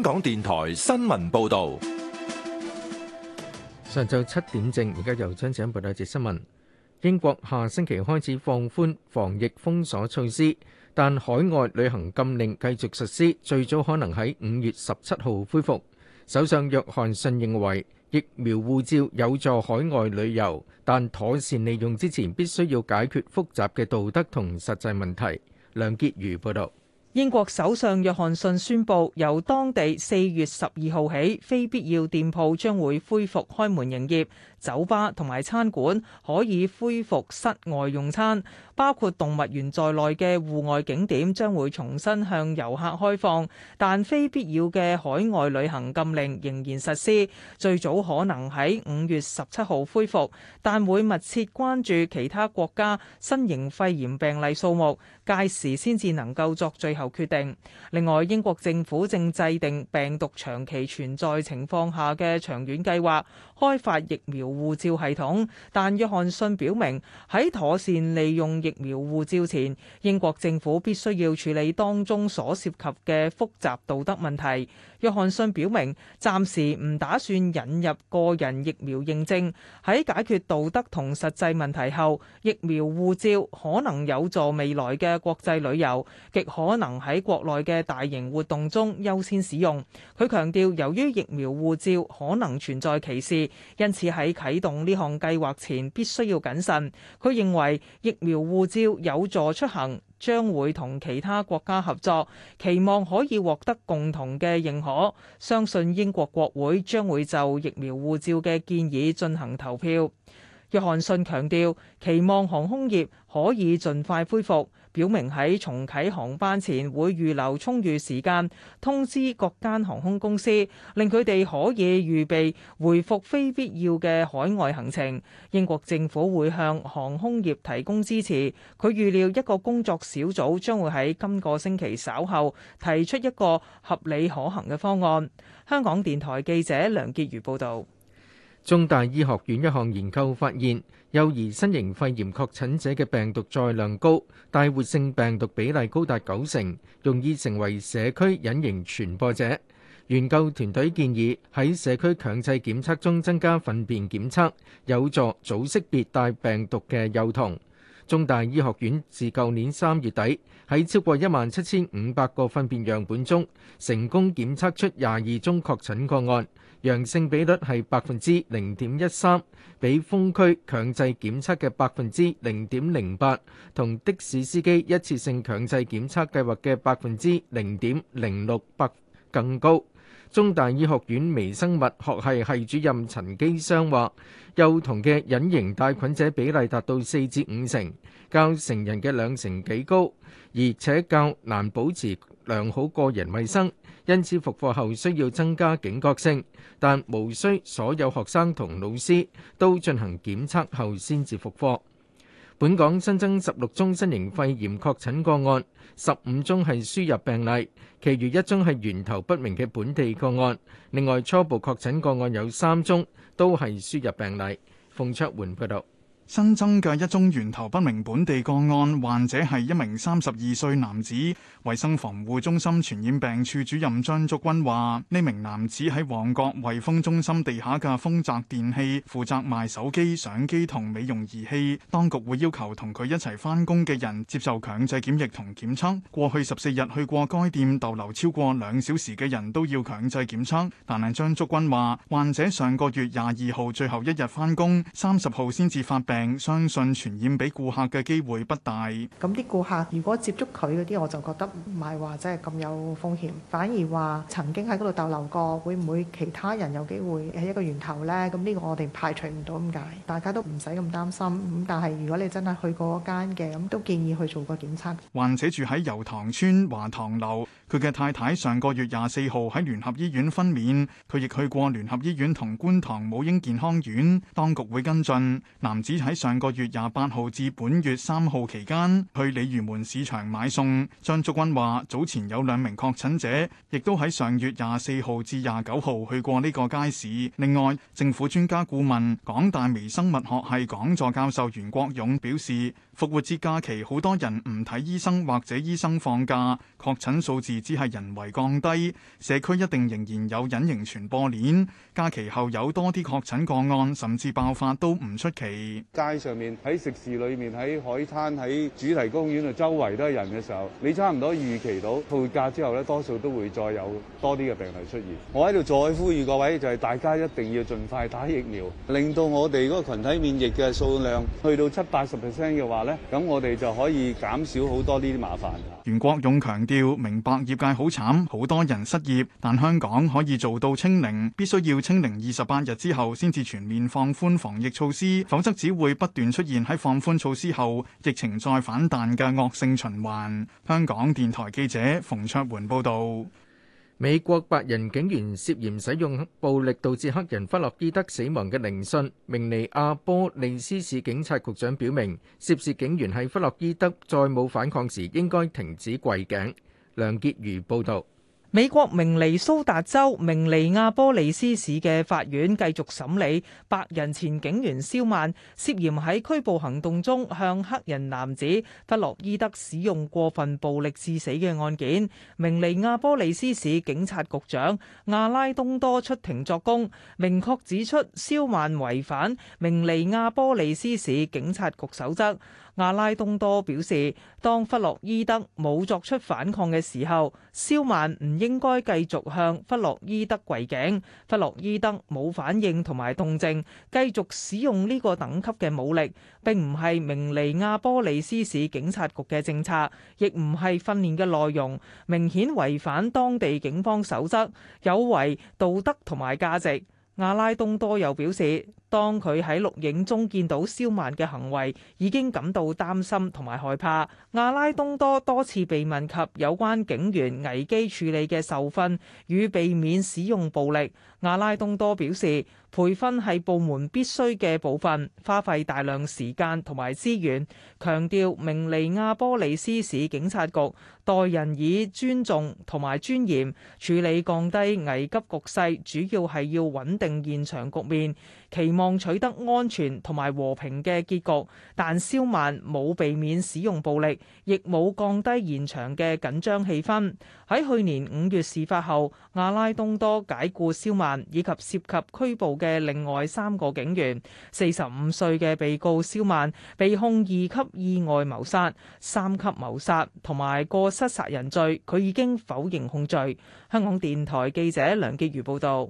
香港電台新聞報道：上晝七點正，而家由張子欣報道一節新聞。英國下星期開始放寬防疫封鎖措施，但海外旅行禁令繼續實施，最早可能喺五月十七號恢復。首相約翰遜認為，疫苗護照有助海外旅遊，但妥善利用之前，必須要解決複雜嘅道德同實際問題。梁潔如報道。英國首相約翰遜宣佈，由當地四月十二號起，非必要店鋪將會恢復開門營業，酒吧同埋餐館可以恢復室外用餐，包括動物園在內嘅戶外景點將會重新向遊客開放，但非必要嘅海外旅行禁令仍然實施，最早可能喺五月十七號恢復，但會密切關注其他國家新型肺炎病例數目，屆時先至能夠作最後。後決定。另外，英國政府正制定病毒長期存在情況下嘅長遠計劃，開發疫苗護照系統。但約翰遜表明，喺妥善利用疫苗護照前，英國政府必須要處理當中所涉及嘅複雜道德問題。約翰遜表明，暫時唔打算引入個人疫苗認證。喺解決道德同實際問題後，疫苗護照可能有助未來嘅國際旅遊，極可能喺國內嘅大型活動中優先使用。佢強調，由於疫苗護照可能存在歧視，因此喺啟動呢項計劃前必須要謹慎。佢認為疫苗護照有助出行，將會同其他國家合作，期望可以獲得共同嘅認可。相信英國國會將會就疫苗護照嘅建議進行投票。約翰遜強調，期望航空業可以盡快恢復。表明喺重啟航班前會預留充裕時間通知各間航空公司，令佢哋可以預備回復非必要嘅海外行程。英國政府會向航空業提供支持。佢預料一個工作小組將會喺今個星期稍後提出一個合理可行嘅方案。香港電台記者梁潔如報導。中大醫學院一項研究發現，幼兒新型肺炎確診者嘅病毒載量高，帶活性病毒比例高達九成，容易成為社區隱形傳播者。研究團隊建議喺社區強制檢測中增加糞便檢測，有助早識別帶病毒嘅幼童。中大醫學院自舊年三月底喺超過一萬七千五百個糞便樣本中，成功檢測出廿二宗確診個案，陽性比率係百分之零點一三，比封區強制檢測嘅百分之零點零八，同的士司機一次性強制檢測計劃嘅百分之零點零六百更高。中大醫學院微生物學系系主任陳基湘話：幼童嘅隱形帶菌者比例達到四至五成，較成人嘅兩成幾高，而且較難保持良好個人衛生，因此復課後需要增加警覺性，但無需所有學生同老師都進行檢測後先至復課。本港新增十六宗新型肺炎確診個案，十五宗係輸入病例，其餘一宗係源頭不明嘅本地個案。另外，初步確診個案有三宗，都係輸入病例。馮卓桓報道。新增嘅一宗源頭不明本地個案，患者係一名三十二歲男子。衛生防護中心傳染病處主任張竹君話：呢名男子喺旺角惠豐中心地下嘅豐澤電器負責賣手機、相機同美容儀器。當局會要求同佢一齊翻工嘅人接受強制檢疫同檢測。過去十四日去過該店逗留超過兩小時嘅人都要強制檢測。但係張竹君話，患者上個月廿二號最後一日翻工，三十號先至發病。相信傳染俾顧客嘅機會不大。咁啲顧客如果接觸佢嗰啲，我就覺得唔係話真係咁有風險，反而話曾經喺嗰度逗留過，會唔會其他人有機會係一個源頭呢？咁呢個我哋排除唔到咁解，大家都唔使咁擔心。咁但係如果你真係去過嗰間嘅，咁都建議去做個檢測。患者住喺油塘村華塘樓，佢嘅太太上個月廿四號喺聯合醫院分娩，佢亦去過聯合醫院同觀塘母嬰健康院，當局會跟進。男子喺喺上個月廿八號至本月三號期間去鯉魚門市場買餸，張竹君話早前有兩名確診者，亦都喺上月廿四號至廿九號去過呢個街市。另外，政府專家顧問、港大微生物學系講座教授袁國勇表示，復活節假期好多人唔睇醫生或者醫生放假，確診數字只係人為降低，社區一定仍然有隱形傳播鏈。假期後有多啲確診個案，甚至爆發都唔出奇。街上面喺食肆裏面喺海灘喺主題公園度周圍都係人嘅時候，你差唔多預期到套價之後咧，多數都會再有多啲嘅病例出現。我喺度再呼籲各位，就係、是、大家一定要盡快打疫苗，令到我哋嗰個羣體免疫嘅數量去到七八十 percent 嘅話呢，咁我哋就可以減少好多呢啲麻煩。袁國勇強調，明白業界好慘，好多人失業，但香港可以做到清零，必須要清零二十八日之後先至全面放寬防疫措施，否則只會會不斷出現喺放寬措施後疫情再反彈嘅惡性循環。香港電台記者馮卓桓報道，美國白人警員涉嫌使用暴力導致黑人弗洛伊德死亡嘅聆訊，明尼阿波利斯市警察局長表明，涉事警員喺弗洛伊德再冇反抗時應該停止跪頸。梁潔如報道。美國明尼蘇達州明尼亞波利斯市嘅法院繼續審理白人前警員蕭曼涉嫌喺拘捕行動中向黑人男子弗洛伊德使用過分暴力致死嘅案件。明尼亞波利斯市警察局長亞拉東多出庭作供，明確指出蕭曼違反明尼亞波利斯市警察局守則。阿拉東多表示，當弗洛伊德冇作出反抗嘅時候，肖曼唔應該繼續向弗洛伊德跪頸。弗洛伊德冇反應同埋動靜，繼續使用呢個等級嘅武力，並唔係明尼亞波利斯市警察局嘅政策，亦唔係訓練嘅內容，明顯違反當地警方守則，有違道德同埋價值。阿拉東多又表示。當佢喺錄影中見到消曼嘅行為，已經感到擔心同埋害怕。亞拉東多多次被問及有關警員危機處理嘅受訓與避免使用暴力，亞拉東多表示培訓係部門必須嘅部分，花費大量時間同埋資源。強調明尼亞波利斯市警察局待人以尊重同埋尊嚴，處理降低危急局勢，主要係要穩定現場局面。期望取得安全同埋和平嘅結局，但肖曼冇避免使用暴力，亦冇降低現場嘅緊張氣氛。喺去年五月事發後，阿拉東多解僱肖曼以及涉及拘捕嘅另外三個警員，四十五歲嘅被告肖曼被控二級意外謀殺、三級謀殺同埋過失殺人罪，佢已經否認控罪。香港電台記者梁潔如報道。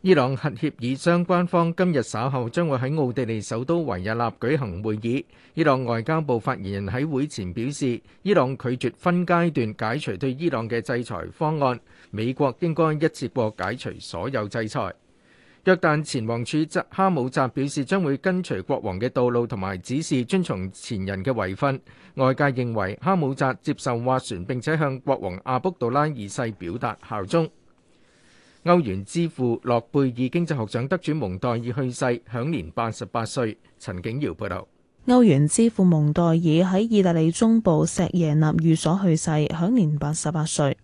伊朗核協議相關方今日稍後將會喺奧地利首都維也納舉行會議。伊朗外交部發言人喺會前表示，伊朗拒絕分階段解除對伊朗嘅制裁方案，美國應該一次過解除所有制裁。約旦前王儲哈姆扎表示將會跟隨國王嘅道路同埋指示，遵從前人嘅遺訓。外界認為哈姆扎接受斡旋，並且向國王阿卜杜拉二世表達效忠。歐元之父諾貝爾經濟學獎得主蒙代爾去世，享年八十八歲。陳景堯報道，歐元之父蒙代爾喺意大利中部錫耶納寓所去世，享年八十八歲。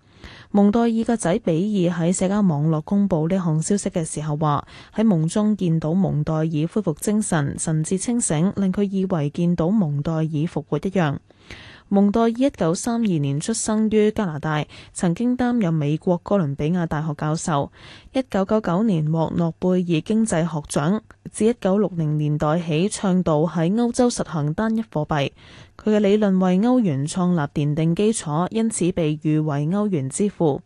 蒙代爾個仔比爾喺社交網絡公布呢項消息嘅時候話，喺夢中見到蒙代爾恢復精神，神志清醒，令佢以為見到蒙代爾復活一樣。蒙代爾一九三二年出生於加拿大，曾經擔任美國哥倫比亞大學教授。一九九九年獲諾貝爾經濟學獎，自一九六零年代起倡導喺歐洲實行單一貨幣，佢嘅理論為歐元創立奠定基礎，因此被譽為歐元之父。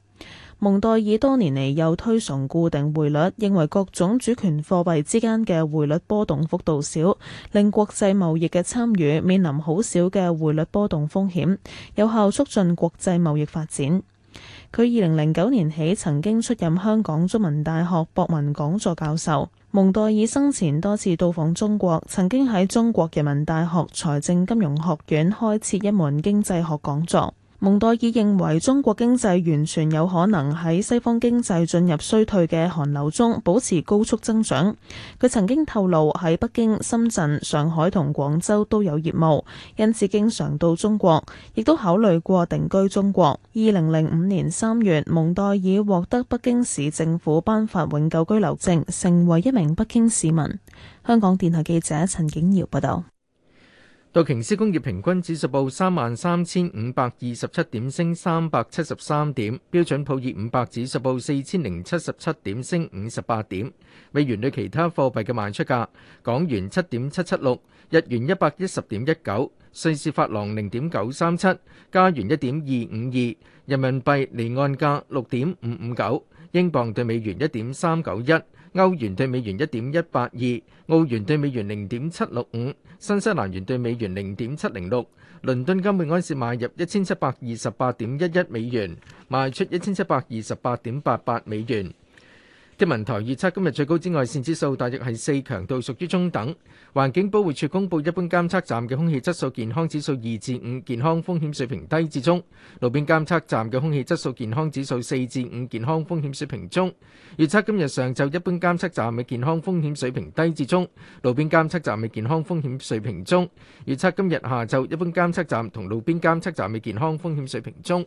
蒙代爾多年嚟又推崇固定匯率，認為各種主權貨幣之間嘅匯率波動幅度小，令國際貿易嘅參與面臨好少嘅匯率波動風險，有效促進國際貿易發展。佢二零零九年起曾經出任香港中文大學博文講座教授。蒙代爾生前多次到訪中國，曾經喺中國人民大學財政金融學院開設一門經濟學講座。蒙代爾認為中國經濟完全有可能喺西方經濟進入衰退嘅寒流中保持高速增長，佢曾經透露喺北京、深圳、上海同廣州都有業務，因此經常到中國亦都考慮過定居中國，二零零五年三月，蒙代爾獲得北京市政府頒發永久居留證，成為一名北京市民。香港電台記者陳景瑤報道。道瓊斯工業平均指數報三萬三千五百二十七點，升三百七十三點；標準普爾五百指數報四千零七十七點，升五十八點。美元對其他貨幣嘅賣出價：港元七點七七六，日元一百一十點一九，瑞士法郎零點九三七，加元一點二五二，人民幣離岸價六點五五九。英鎊兌美元一點三九一，歐元兌美元一點一八二，澳元兌美元零點七六五，新西蘭元兌美元零點七零六。倫敦金每安士買入一千七百二十八點一一美元，賣出一千七百二十八點八八美元。天文台預測今日最高紫外線指數大約係四，強度屬於中等。環境保護署公布一般監測站嘅空氣質素健康指數二至五，健康風險水平低至中；路邊監測站嘅空氣質素健康指數四至五，健康風險水平中。預測今日上晝一般監測站嘅健康風險水平低至中，路邊監測站嘅健康風險水平中。預測今日下晝一般監測站同路邊監測站嘅健康風險水平中。